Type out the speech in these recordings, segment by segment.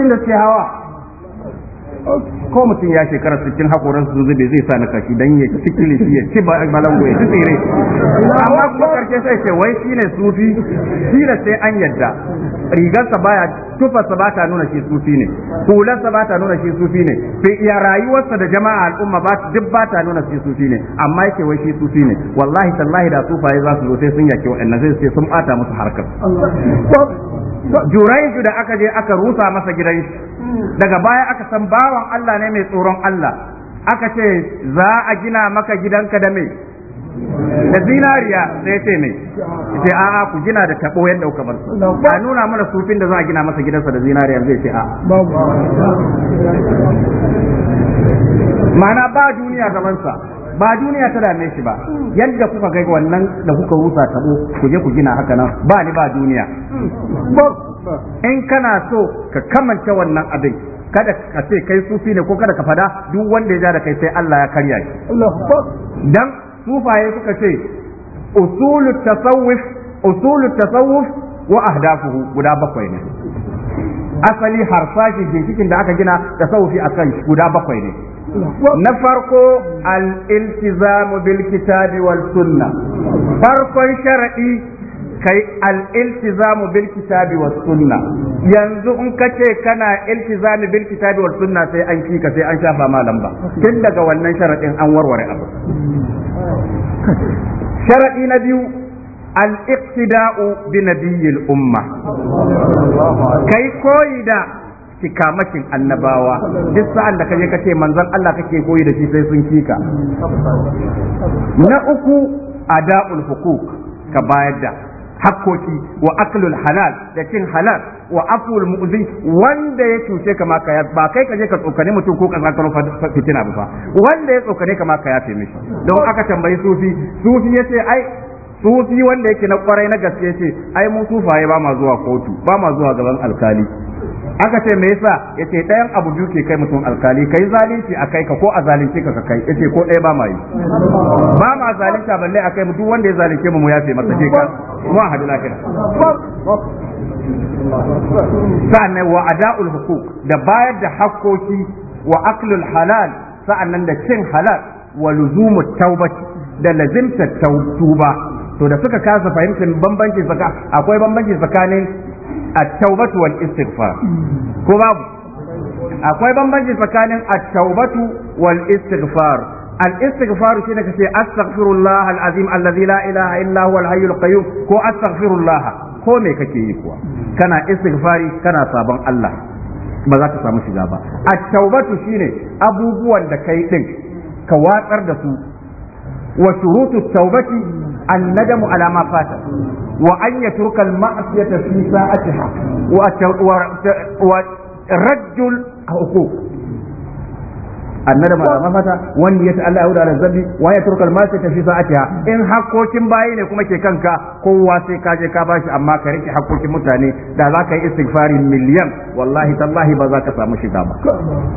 新的时候啊！ko mutum ya shekara cikin haƙoran su zube zai sa na kashi dan ya ci kilishi ya ci balango ya ci tsire amma kuma karshe sai ce wai ne sufi shine sai an yadda rigarsa baya tufarsa ba ta nuna shi sufi ne hularsa ba ta nuna shi sufi ne fi iya rayuwarsa da jama'a al'umma ba duk ba ta nuna shi sufi ne amma yake wai shi sufi ne wallahi tallahi da sufaye za su zo sai sun yake wa'annan zai sai sun bata musu harkar juraiju da aka je aka rusa masa gidan shi daga baya aka san bawan Allah ne mai tsoron Allah aka ce za a gina maka gidanka da me da zinariya sai ce me ce a ku gina da tabo yadda kuka bar ba nuna mana sufin da za a gina masa gidansa da zinariya zai ce a ma'ana ba duniya sa, ba duniya ta dame shi ba yadda kuka ga wannan da kuka rusa tabo ku je ku gina haka nan ba ni ba duniya in kana so ka kamanta wannan abin kada ka ce kai sufi ne ko kada ka fada duk wanda ya ja da kai sai Allah ya karya shi dan sufaye suka ce usulut tasawuf usulut tasawuf wa ahdafuhu guda bakwai ne asali harfashi ginshikin da aka gina tasawufi akan guda bakwai ne na farko al-iltizamu bil kitabi wal sunna farkon sharadi kai al-iltizamu bil kitabi was sunna yanzu in ka ce kana iltizami bil kitabi was sunna sai an kika sai an shafa malam ba, tun daga wannan sharaɗin an warware abu sharadi na biyu al-iqtida'u bi nabiyil umma kai koyi da kikamakin annabawa duk sa'an da kaje kace manzon Allah kake koyi da shi sai sun kika na uku ada'ul hukuk ka bayar da hakkoki wa aklul halal da cin halal wa aful mu'zi wanda ya cuce ka ma ba kai ka je ka tsokane mutum ko ka zakaro fitina ba wanda ya tsokane ka ma ka mishi don aka tambayi sufi sufi yace ai sufi wanda yake na kwarai na gaske yace ai mu sufaye ba ma zuwa kotu ba ma zuwa gaban alkali aka ce me yasa yace ɗayan abu biyu ke kai mutum alkali kai zalunci a kai ka ko a zalunci ka ka kai yace ko ɗaya ba ma yi ba ma zalunta balle a kai mu duk wanda ya zalunce mu mu yafe masa ke ka mu hadu lafiya sa'annan wa ada'ul huquq da bayar da hakkoki wa aklul halal sa'annan da cin halal wa luzumut taubati da lazimta tuba to da suka kasa fahimtar bambanci tsaka akwai bambanci tsakanin at wal istighfar ko babu akwai bambanci tsakanin attaubatu wal istighfar الاستغفار شيء كسي استغفر الله العظيم الذي لا اله الا هو الحي القيوم كو استغفر ko me kake yi kuwa kana istighfari kana sabon Allah ba za ka samu shiga ba Attaubatu shine abubuwan da kai ɗin ka watsar da su wa shurutu الندم على ما فات وأن يترك المعصية في ساعتها والرجل عقوق annada ma mafata wanda ya ta'alla yahuda ala zabi wa ya turka almasita fi sa'atiha in hakkokin bayi ne kuma ke kanka kowa sai ka je ka bashi amma ka rike hakkokin mutane da za ka yi istighfari miliyan wallahi tallahi ba za ka samu shiga ba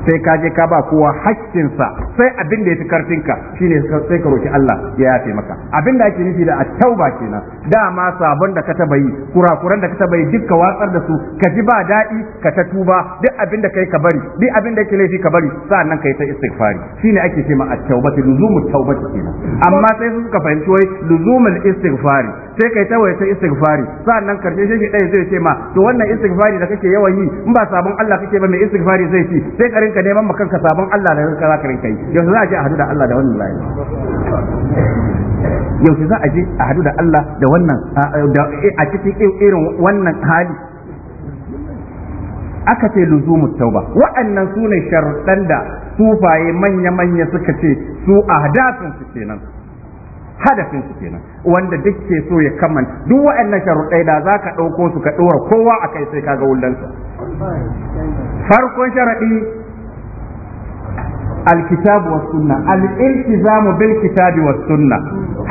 sai ka je ka ba kowa hakkinsa sai abin da ya fi ka shine sai ka roki Allah ya yafe maka abin da ake nufi da at-tauba kenan dama sabon da ka taba yi kurakuran da ka taba yi dukka watsar da su ka ji ba daɗi ka ta tuba duk abin da kai ka bari duk abin da ke laifi ka bari sa'annan kai ta istighfari shine ake ce ma at-taubati luzumu taubati kenan amma sai su suka fahimci wai luzumul istighfari sai kai ta waye ta istighfari sannan karshe shi dai zai ce ma to wannan istighfari da kake yawan yi in ba sabon Allah kake ba mai istighfari zai ci sai ka rinka neman maka kanka sabon Allah da rinka za ka rinka yi yanzu za a je a hadu da Allah da wannan layi yaushe za a je a hadu da Allah da wannan a cikin irin wannan hali aka ce luzumu tauba wa'annan su ne sharuɗan da sufaye manya-manya suka ce su ahdasin su kenan hadafin su kenan wanda duk ke so ya kama duk waɗannan sharuɗai da za ka ɗauko su ka ɗora kowa a kai sai ka ga wullansa farkon sharaɗi alkitabu wa sunna al-iltizamu bil kitabi sunna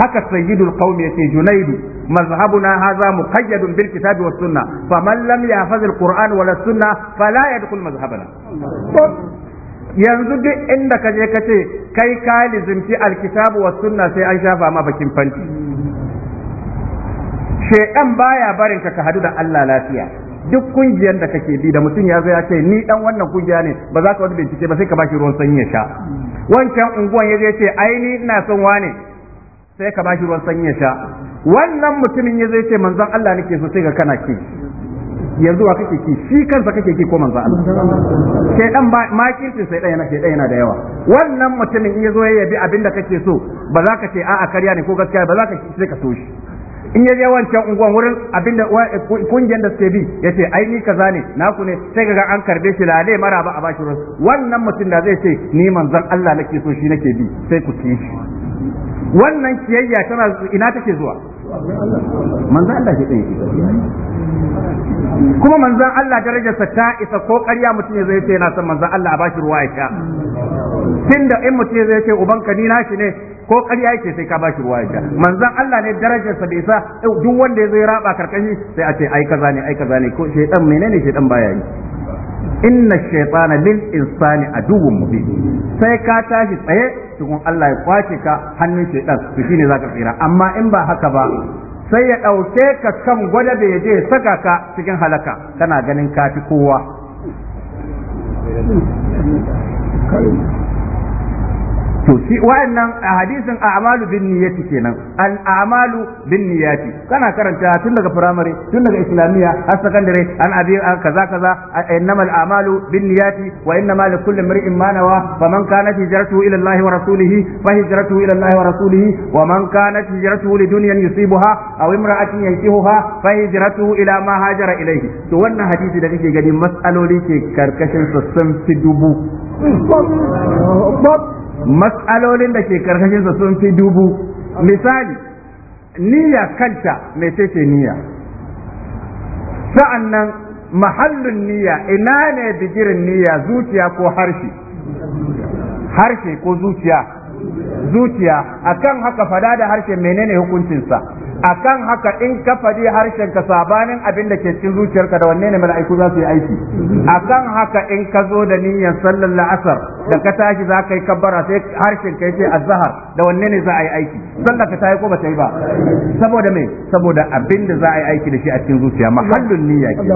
haka sayyidul qaumi yace junaidu mazhabuna hadha mu bil kitabi was sunna faman lam yahfaz al qur'an wala sunna fala yadkhul mazhabana yanzu duk inda ka je ka ce kai ka lizimci alkitabu wa sunna sai an shafa ma bakin fanti shedan baya barin ka ka hadu da Allah lafiya duk kungiyar da kake bi da mutum ya zo ya ce ni dan wannan kungiya ne ba za ka wani bincike ba sai ka bashi ruwan sanyi sha wancan unguwan ya je ce ai ni ina son wane sai ka bashi ruwan sanyi sha wannan mutumin ya zai ce manzon Allah nake so sai ka kana ki yanzu wa kake ki shi kansa kake ki ko manzo Allah sai dan ma kirtin sai dan sai dan yana da yawa wannan mutumin in yazo ya yabi abinda kake so ba za ka ce a'a karya ne ko gaskiya ba za ka sai ka so in ya je wancan unguwan wurin abinda kungiyar da suke bi ya ce ai ni kaza ne naku ne sai ga an karbe shi lale mara ba a bashi ruwan wannan mutum da zai ce ni manzon Allah nake so shi nake bi sai ku ci shi wannan kiyayya tana ina take zuwa manzon Allah ke tsaye kuma manzan Allah darajarsa ta isa ko ƙarya mutum ya zai ce na son manzan Allah a bashi ruwa ya sha tun da in mutum ya zai ce ubanka ni nashi ne ko ƙarya yake sai ka bashi ruwa ya sha manzan Allah ne darajarsa da isa duk wanda ya zai raba karkashi sai a ce ai kaza ne ai kaza ne ko shedan menene shedan baya yi inna shaitana lil insani aduwwun mubin sai ka tashi tsaye tukun Allah ya kwace ka hannun shaitan to shine zaka tsira amma in ba haka ba sai ya ɗauke ka kan gwada bai je saka ka cikin halaka kana ganin kafi kowa to shi wa'annan hadisin a'malu bin niyyati kenan al a'malu bin niyyati kana karanta tun daga primary tun daga islamiyya har secondary an abi kaza kaza innamal a'malu bin niyyati wa innamal likulli imrin ma nawa faman kanat hijratuhu ila Allah wa rasulihi fa hijratuhu ila Allah wa rasulihi wa man kanat hijratuhu lidunyan yusibuha aw imra'atin yankihuha fa hijratuhu ila ma hajara ilayhi to wannan hadisi da kake gani mas'aloli ke karkashin sassan fi dubu matsalolin da ke karkashinsa sun fi dubu misali niyya kanta mai ce niyya sa'an nan mahallin niyya ina ne bigirin niyya zuciya ko harshe harshe ko zuciya zuciya akan haka fada da harshe menene hukuncinsa akan haka in ka faɗi harshen ka sabanin abin da ke cikin zuciyarka da wanne ne mala'iku za su yi aiki akan haka in ka zo da niyyar sallar la'asar da ka tashi za ka yi kabbara sai harshen ka yace azhar da wanne ne za a yi aiki sallar ka tayi ko ba ta yi ba saboda me saboda abin da za a yi aiki da shi a cikin zuciya mahallun niyya ke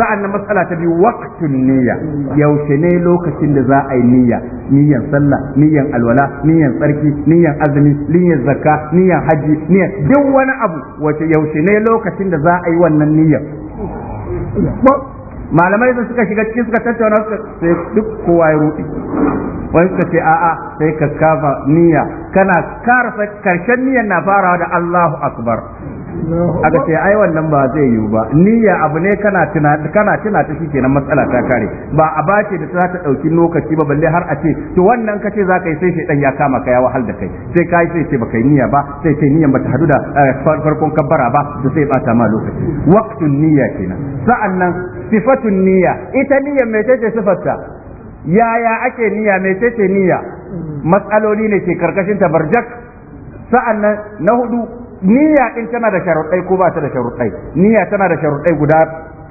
sa'an nan matsala ta biyu waqtun niyya yaushe ne lokacin da za a yi niyya niyyan sallah niyyan alwala niyyan tsarki niyyan azumi niyyan zakka niyyan haji niyyan duk wani abu wace yaushe ne lokacin da za a yi wannan niyyan malamai da suka shiga cikin suka tattauna suka sai duk kowa ya rufe wani suka ce a'a sai ka kafa niyya kana karfa karshen niyyar na farawa da Allahu akbar aka ce ai wannan ba zai yiwu ba niyya abu ne kana tuna kana tuna ta shikenan matsala ta kare ba a bace da za ta dauki lokaci ba balle har a ce to wannan kace za ka yi sai dan ya kama ka ya wahal da kai sai ka yi sai ce baka yi niyya ba sai ce niyyan ta hadu da eh, farkon kabbara ba to sai bata ma lokaci waqtun niyya kenan sa'annan sifatun niyya ita niyya mai ce sifarta yaya ake niyya mai ce niyya matsaloli ne ke karkashin barjak sa'annan na hudu niyya din tana da sharuɗai ko ba ta da sharuɗai niyya tana da sharuɗai guda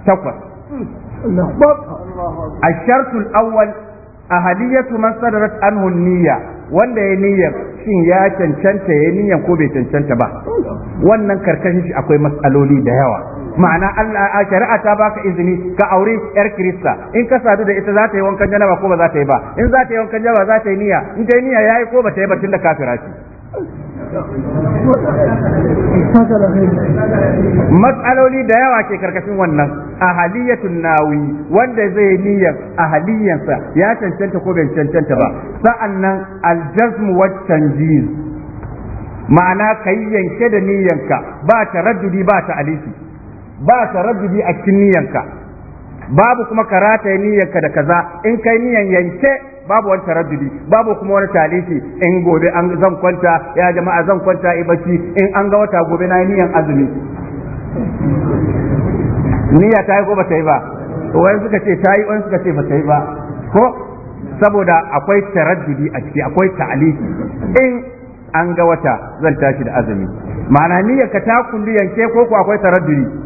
takwas a shartul awwal ahadiyatu man sadarat anhu niyya wanda ya niyyar shin ya cancanta ya niyyar ko bai cancanta ba wannan karkashin shi akwai matsaloli da yawa ma'ana Allah a shari'a ta baka izini ka aure yar Kirista in ka sadu da ita za ta yi wankan janaba ko ba za ta yi ba in za ta yi wankan janaba za ta yi niyya in ta yi niyya yayi ko ba ta yi ba da kafira ce matsaloli da yawa ke karkashin wannan ahaliyatun nawi wanda zai niyyar ahaliyansa ya cancanta ko bai cancanta ba sa'an nan aljazmu wa tanjiz ma'ana yi yanke da niyyanka ba taraddudi ba ta alisi ba taraddudi a cikin niyyanka babu kuma karata niyyarka da kaza in kai niyan yanke babu wani taraddudi babu kuma wani talifi in gobe an zan kwanta ya jama'a zan kwanta yi bacci in an ga wata gobe na niyan azumi niyya ta yi ko ba ta yi ba wani suka ce ta yi wani suka ce ba ta yi ba ko saboda akwai taraddudi a ciki akwai talifi in an ga wata zan tashi da azumi ma'ana ka ta kullu yanke ko ko akwai taraddudi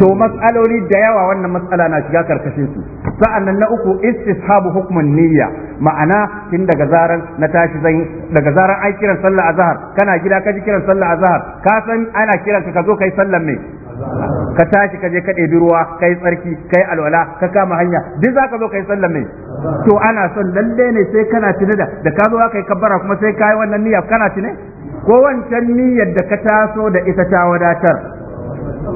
to matsaloli da yawa wannan matsala na shiga karkashin su sa'annan na uku istishabu hukmun niyya ma'ana tun daga zaran na tashi zan daga zaran ai kiran sallah azhar kana gida ka ji kiran sallah azhar ka san ana kiran ka zo kai sallan me ka tashi ka je ka ɗebi ruwa kai tsarki kai alwala ka kama hanya duk zaka zo kai sallan me to ana son lalle ne sai kana tuna da da ka zo kai kabbara kuma sai kai wannan niyya kana tune ko wancan niyyar da ka taso da ita ta wadatar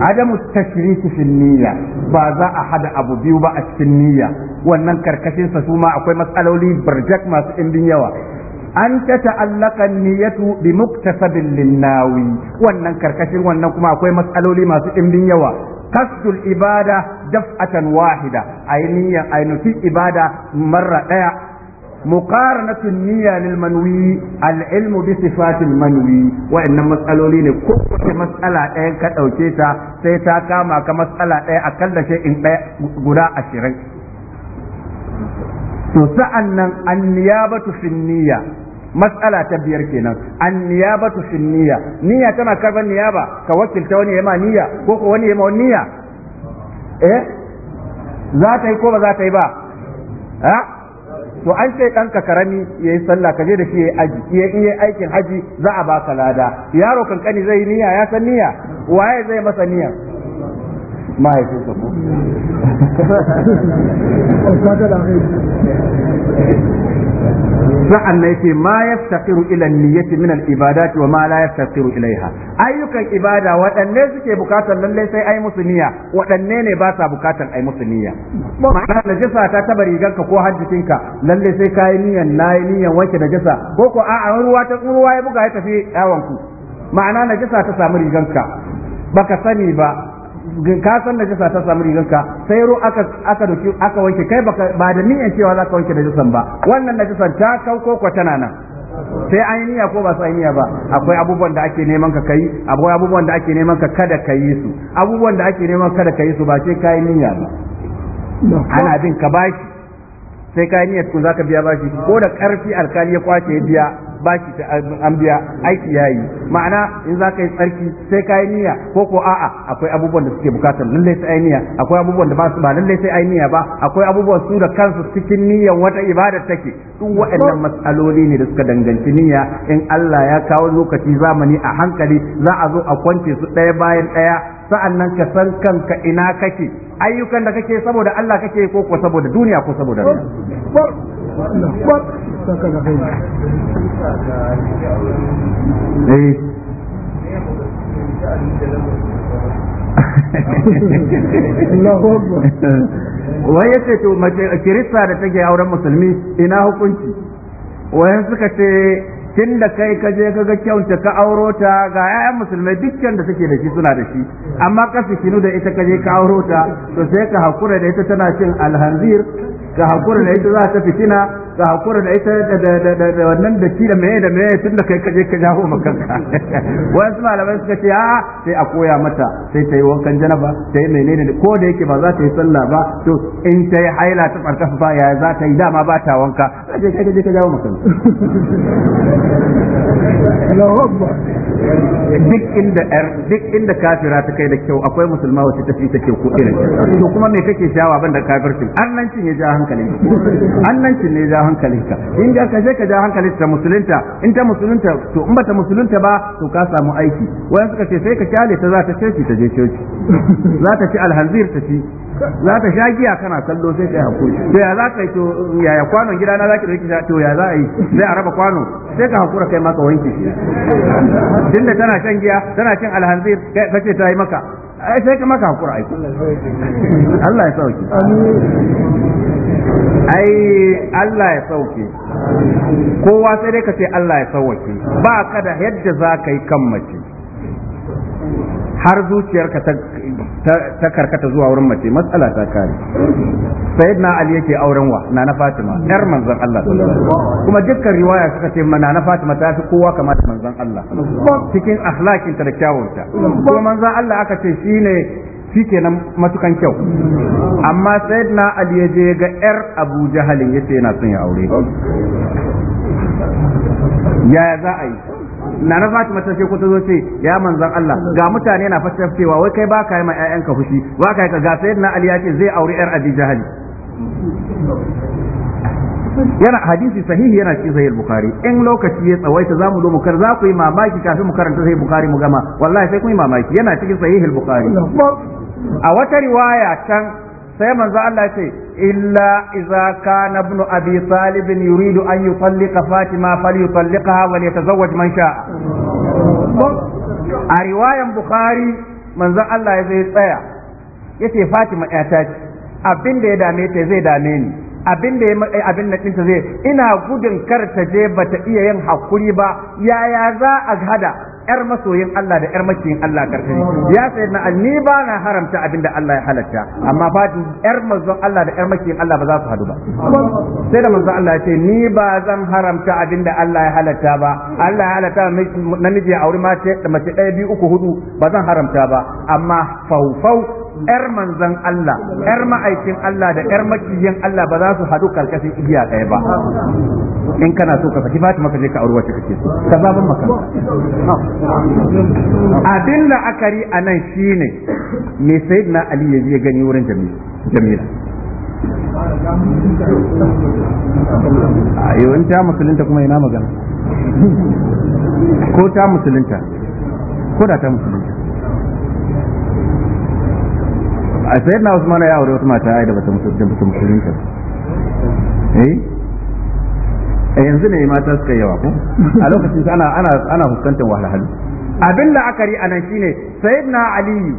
adamu tashriki fil niyya ba za a hada abu biyu ba a cikin niyya wannan karkashin sa suma akwai matsaloli barjak masu ɗimbin yawa an ta ta'allaka niyyatu bi muktasabin linawi wannan karkashin wannan kuma akwai matsaloli masu ɗimbin yawa kasdul ibada daf'atan wahida ainihin ainihin ibada mara ɗaya. Mu مقارنة النية للمنوي العلم بصفات المنوي وإن مسألولين كل مسألة إيه كتوشيتا سيتا كما كمسألة إيه أقل ɗaya إيه قراء الشرين تسألنا النيابة في النية matsala ta biyar kenan an niyabatu fi niyya niyya tana karban niyaba ka wakilta wani yama niyya ko ko wani yama niyya eh za ta yi ko ba za ta yi ba to an ce ɗanka karami ya yi sallah ka je da shi ya yi aikin haji za a baka lada yaro kankani zai yi niyya ya san niyya waye zai masa niyya mahaifinsa ko sa'an na yake ma ya yaftaqiru ilan niyyati min ibada, ibadati wa ma la yaftaqiru ilaiha ayyukan ibada waɗanne suke bukatar lallai sai ai musu niyya waɗanne ne ba sa bukatar ai musu niyya ma'ana na najasa ta taba riganka ko hajjikinka lallai sai kai niyyan yi niyyan wanke najasa ko ko a'a ruwa ta ruwa ya buga ya tafi yawanku, ku ma'ana najasa ta samu riganka baka sani ba ka san da jasa ta samu rigarka sai ro aka aka doki aka wanke kai ba da niyan cewa za ka wanke da jasan ba wannan da jasan ta kauko ko tana nan sai an yi niyya ko ba sai niyya ba akwai abubuwan da ake neman ka kai akwai abubuwan da ake neman ka kada ka yi su abubuwan da ake neman kada ka yi su ba sai kai niyya ba ana bin ka bashi sai kai niyya tukun zaka biya bashi ko da karfi alkali ya kwace ya biya baki ta an biya aiki yayi ma'ana in za ka yi tsarki sai ka yi niyya ko ko a'a akwai abubuwan da suke bukatar lalle sai ai niyya akwai abubuwan da ba su ba lalle sai ai niyya ba akwai abubuwan su da kansu cikin niyyar wata ibada take duk waɗannan mas'aloli ne da suka danganci niyya in Allah ya kawo lokaci zamani a hankali za a zo a kwance su ɗaya bayan ɗaya sa'annan ka san kanka ina kake ayyukan da kake saboda Allah kake ko ko saboda duniya ko saboda saka da ya ce to kirista da take auren musulmi ina hukunci wayan suka ce tun da kai ka je kaga kyauta ka auro ta ga 'ya'yan musulmai dukkan da suke da shi suna da shi amma kasu fitinu da ita ka je ka auro ta to sai ka hakura da ita tana cin alhanzir ga hakura da ita za ta fitina ga hakura da ita da wannan da ki da meye da meye tun da kai kaje ka jawo ma kanka wasu malamai suka ce a sai a koya mata sai ta yi wankan janaba ta yi menene ko da yake ba za ta yi sallah ba to in ta yi haila ta tsarkafa ba ya za ta yi dama ba ta wanka kaje kaje ka jawo ma Akbar duk inda yar er, duk inda kafira ta kai da kyau akwai musulma wacce ta fi ta kyau ko irin to kuma me kake shawa banda kafircin annancin ya ja hankalin ka annancin ne ja hankalin ka in ga ka je ka ja hankalin ta musulunta in ta musulunta to in bata musulunta ba to ka samu aiki wayan suka ce sai ka kyale ta za ta ce ta je coci za ta ci alhanzir ta ci za ta sha giya kana kallo sai ka hakuri to ya za ka yi to yaya kwanon gida na ki dauki to ya za a yi sai a raba kwano sai ka hakura kai maka wanki shi tunda tana shan giya tana cin alhanzir kai kace ta yi maka ai sai ka maka hakura ai Allah ya sauke ai Allah ya sauke kowa sai dai ka ce Allah ya sauke ba ka da yadda za ka yi kan mace har zuciyarka ta ta karkata zuwa wurin mace matsala ta kare sayyidina ali yake auren wa na na fatima yar manzon Allah kuma dukkan riwaya suka ce mana na fatima ta fi kowa kama da manzon Allah cikin akhlakin ta da kyawunta kuma manzon Allah aka ce shine nan matukan kyau amma sayyidina ali ya je ga yar abu jahalin yace yana son ya aure yaya za a yi Nana na Fatima ta ce ko ta zo ce ya manzan Allah ga mutane na fashe cewa wai kai baka yi ma ƴaƴanka fushi ba ka yi ga sayyidina Ali ya ce zai auri ƴar Abi Jahal yana hadisi sahihi yana cikin sahih bukhari in lokaci ya tsawaita zamu zo mu kar za ku yi mamaki kafin mu karanta sahih bukhari mu gama wallahi sai ku yi mamaki yana cikin sahih bukhari a wata riwaya can sai manzo Allah ya ce إلا إذا كان ابن أبي طالب يريد أن يطلق فاطمة فليطلقها وليتزوج من شاء a بخاري من ذا الله zai tsaya yace Fatima اعتاج ce abin da ya dame ta zai dame ni abin da eh, abin da zai ina gudun kar ta je bata iya yin hakuri ba yaya za a hada yar masoyin Allah da yar makiyin Allah karkari ya sai na ni ba na haramta abinda Allah ya halatta amma ba yar manzon Allah da yar makiyin Allah ba za su hadu ba sai da manzon Allah ya ce ni ba zan haramta abinda Allah ya halatta ba Allah ya halatta namiji ya auri mace da mace ɗaya biyu uku hudu ba zan haramta ba amma faufau ‘yar manzan Allah, ‘yar ma'aikin Allah da ‘yar makiyin Allah ba za su haɗu karkashin igiya ɗaya ba. In kana so ka saki Fatima ka je ka auri wacce kake so, ka zaban maka. Abin la'akari a nan shi ne, me Sayyidina Ali ya je gani wurin Jamila. A yau in ta musulunta kuma ina magana. Ko ta musulunta, ko da ta musulunta. a sai na usman ya aure wata mata ai da bata mutu da bata musulunta eh? eh yanzu ne mata suka yawa ko a lokacin ana ana ana fuskantar wahalhalu abin da aka ri anan shine sayyidina ali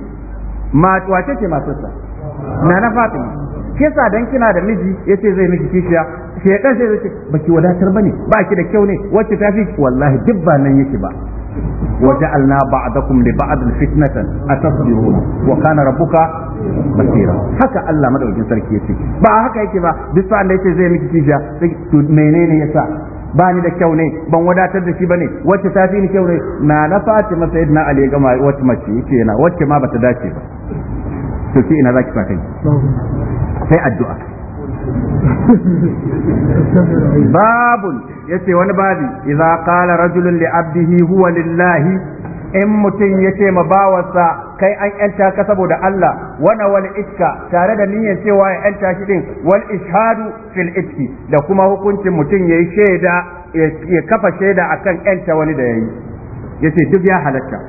ma wace ce matarsa na na fatima kisa dan kina da miji yace zai miki kishiya shekan sai zai ce baki wadatar bane ba ki da kyau ne wacce ta fi wallahi duk ba nan yake ba a وجعلنا بعضكم لبعض فتنة أتصبرون وكان ربك basira haka Allah madaukin sarki yace ba haka yake ba duk sa'an da zai miki kisha to menene yasa ba ni da kyau ne ban wadatar da shi ba ne wacce ta fi ni kyau ne na na Fatima sayyidina Ali ya gama wacce mace yake yana wacce ma bata dace ba to ki ina zaki sa kai sai addu'a babun yace wani babi idza qala rajulun li abdihi huwa lillahi in mutum yace ma bawarsa kai an yanta ka saboda Allah wana wal iska tare da niyyar cewa ya yanta shi din wal ishadu fil iski da kuma hukuncin mutum yayi shaida ya kafa shaida akan yanta wani da yayi yace duk ya halatta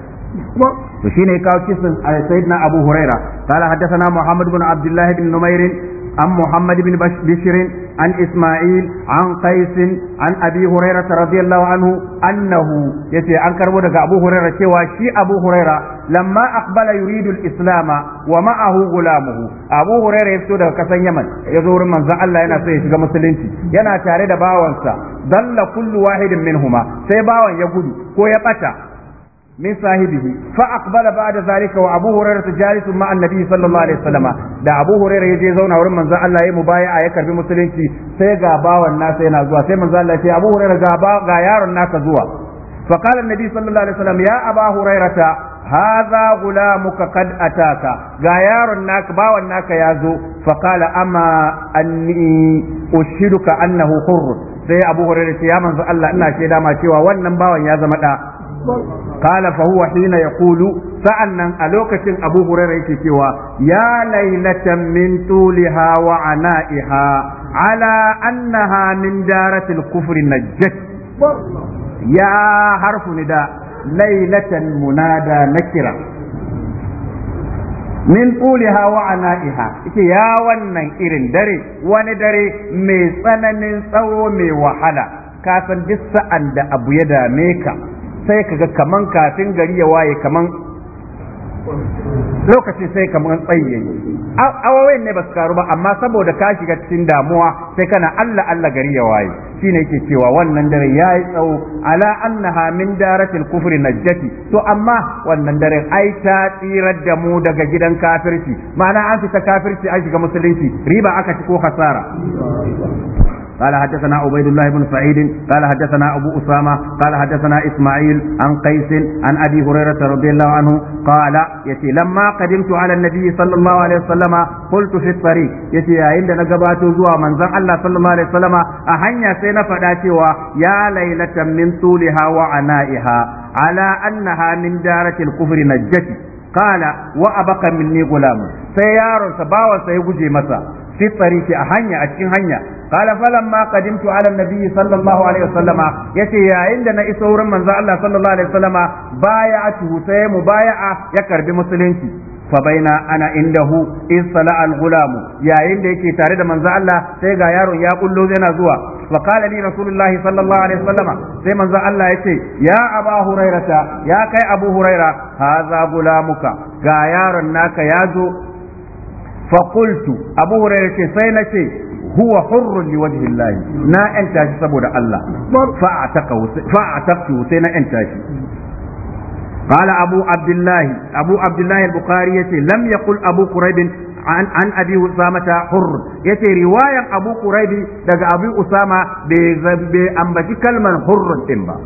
to shine kawo kisan eh, sayyidina Abu Huraira قال حدثنا محمد بن عبد الله بن نمير عن محمد بن بشر عن إسماعيل عن قيس عن أبي هريرة رضي الله عنه أنه يتي عن كربونك أبو هريرة شي أبو هريرة لما أقبل يريد الإسلام ومعه غلامه أبو هريرة يفتو ده كسن يمن يزور من زعل الله ينا سيشي مسلنتي ينا تاريد باوانسا ضل كل واحد منهما سيباوان يقول كو يبتا min sahibihi fa aqbala ba'da zalika wa Abu Hurairah Jalisu ma'an Nabi sallallahu alaihi wasallam da Abu Hurairah yaje zauna wurin manzon Allah ya baya ya karbi musulunci sai ga bawan nasa yana zuwa sai manzon Allah ya ce Abu Hurairah ga yaron naka zuwa fa qala Nabi sallallahu alaihi wasallam ya Abu Hurairah hadha gulamuka qad ataka ga yaron naka bawan naka ya zo fa qala amma anni ushiduka annahu hurr sai Abu Hurairah ya manzon Allah ina shaida ma cewa wannan bawan ya zama ɗa. qala fa huwa hina yaqulu sa'annan a lokacin abu hurairah yake cewa ya laylatan min tuliha wa ana'iha ala annaha min daratil kufri najjat ya harfu nida laylatan munada nakira min tuliha wa ana'iha ita ya wannan irin dare wani dare mai tsananin tsawo mai wahala ka san duk sa'an da abu ya dame ka sai kaga kaman kafin gari ya waye kaman lokaci sai kaman tsayi awawai ne ba su karu ba amma saboda ka shiga cikin damuwa sai kana Allah Allah gari ya waye Shi ne yake cewa wannan dare yayi tsawo ala annaha min daratil kufri najjati to amma wannan dare ai ta tsirar da mu daga gidan kafirci ma'ana an fita kafirci an shiga musulunci riba aka ci ko hasara قال حدثنا عبيد الله بن سعيد قال حدثنا أبو أسامة قال حدثنا إسماعيل عن قيس عن أبي هريرة رضي الله عنه قال يتي لما قدمت على النبي صلى الله عليه وسلم قلت في الطريق يتي عند نقبات زوا من زن الله صلى الله عليه وسلم أهنيا سينا فداتي يا ليلة من طولها وعنائها على أنها من دارة الكفر نجتي قال وأبقى مني غلام سيار سباوة سيبجي مسا في الطريق أهنيا أتكين هنيا قال فلما قدمت على النبي صلى الله عليه وسلم يتي يا عندنا إسور من الله صلى الله عليه وسلم بايعته سيم بايعة يكر بمسلمتي fabaina ana indahu insala al'gulamu, ghulam yayin da yake tare da manzo Allah sai ga yaron ya kullo yana zuwa fa qala li sallallahu alaihi wasallama sai manzo Allah ce ya aba hurairata ya kai abu huraira hadha gulamuka ga yaron naka ya zo فقلت أبو هريرة سينتي هو حر لوجه الله نا أنت سبب الله فأعتقته سينا أنت قال أبو عبد الله أبو عبد الله البخاري لم يقل أبو قريب عن عن ابي اسامه حر yace riwayan abu quraibi daga abu usama bai zambe ambaci kalmar hurr din ba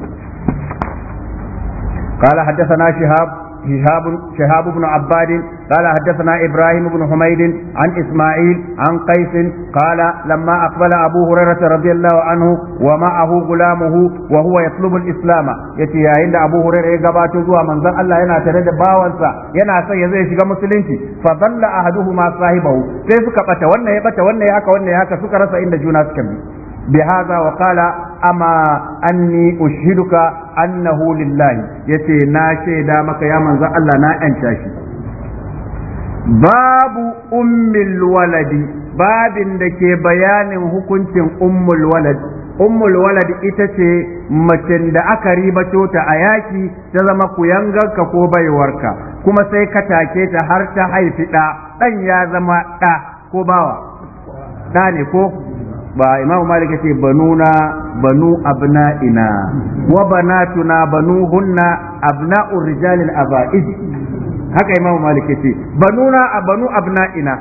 قال حدثنا شهاب شهاب شهاب بن عباد قال حدثنا ابراهيم بن حميد عن اسماعيل عن قيس قال لما اقبل ابو هريره رضي الله عنه ومعه غلامه وهو يطلب الاسلام yace yayin da Abu Hurairah ya gabato zuwa manzon Allah yana tare da bawansa yana son ya zai shiga musulunci fa dalla ahaduhuma sahibahu sai suka bata wannan ya bata wannan haka haka suka rasa inda juna suka bi بهذا وقال أما أني أشهدك أنه لله يتي ناشي دامك يا من الله نا أنشاشي باب أم الولد باب دكي بيان هكنت أم الولد ummul walad ita ce macen da aka riba ta a yaki ta zama kuyangarka ko baiwarka kuma sai ka ta har ta haifi ɗa ɗan ya zama ɗa ko bawa ɗa ne ko ba imamu malik yace banuna banu abna'ina wa banatuna banuhunna rijal al aba'id haka imamu malik yace banuna abanu abna'ina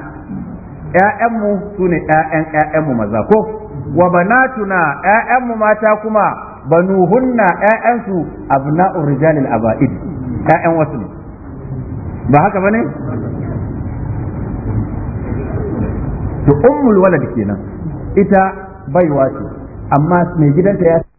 mu sune ƴaƴan mu maza ko wa banatuna mu mata kuma banuhunna abna'u rijal al aba'id ƴaƴan wasu ne ba haka bane to ummul walad kenan ita bai ce amma mai gidanta ya